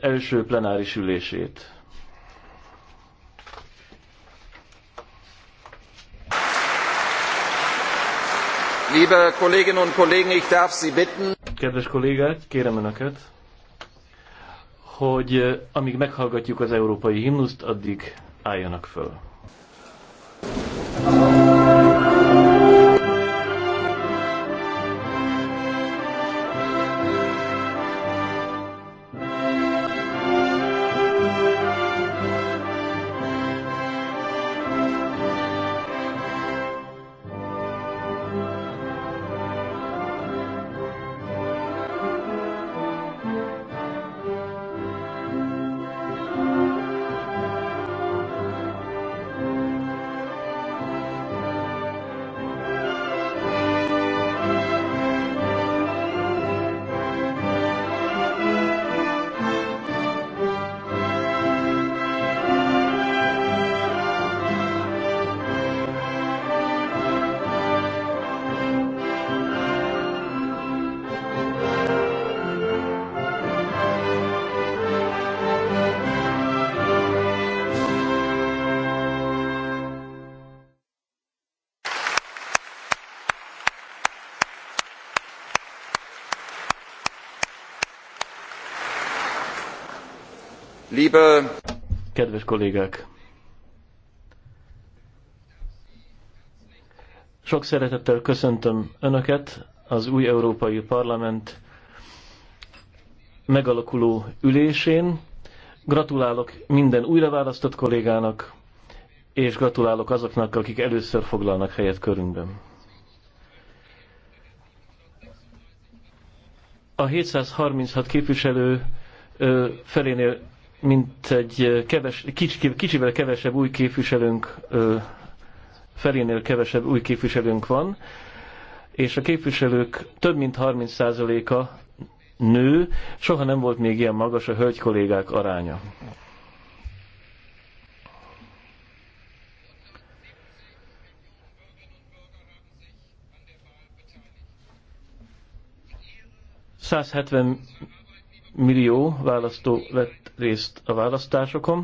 első plenáris ülését. Liebe Kolleginnen und Kollegen, ich darf Sie bitten. Kedves kollégák, kérem Önöket, hogy eh, amíg meghallgatjuk az európai himnuszt, addig álljanak föl. Liebe... Kedves kollégák! Sok szeretettel köszöntöm Önöket az új Európai Parlament megalakuló ülésén. Gratulálok minden újraválasztott kollégának, és gratulálok azoknak, akik először foglalnak helyet körünkben. A 736 képviselő felénél mint egy keves, kics, kicsivel kevesebb új képviselőnk, felénél kevesebb új képviselőnk van, és a képviselők több mint 30%-a nő, soha nem volt még ilyen magas a hölgy kollégák aránya. ...170 millió választó vett részt a választásokon.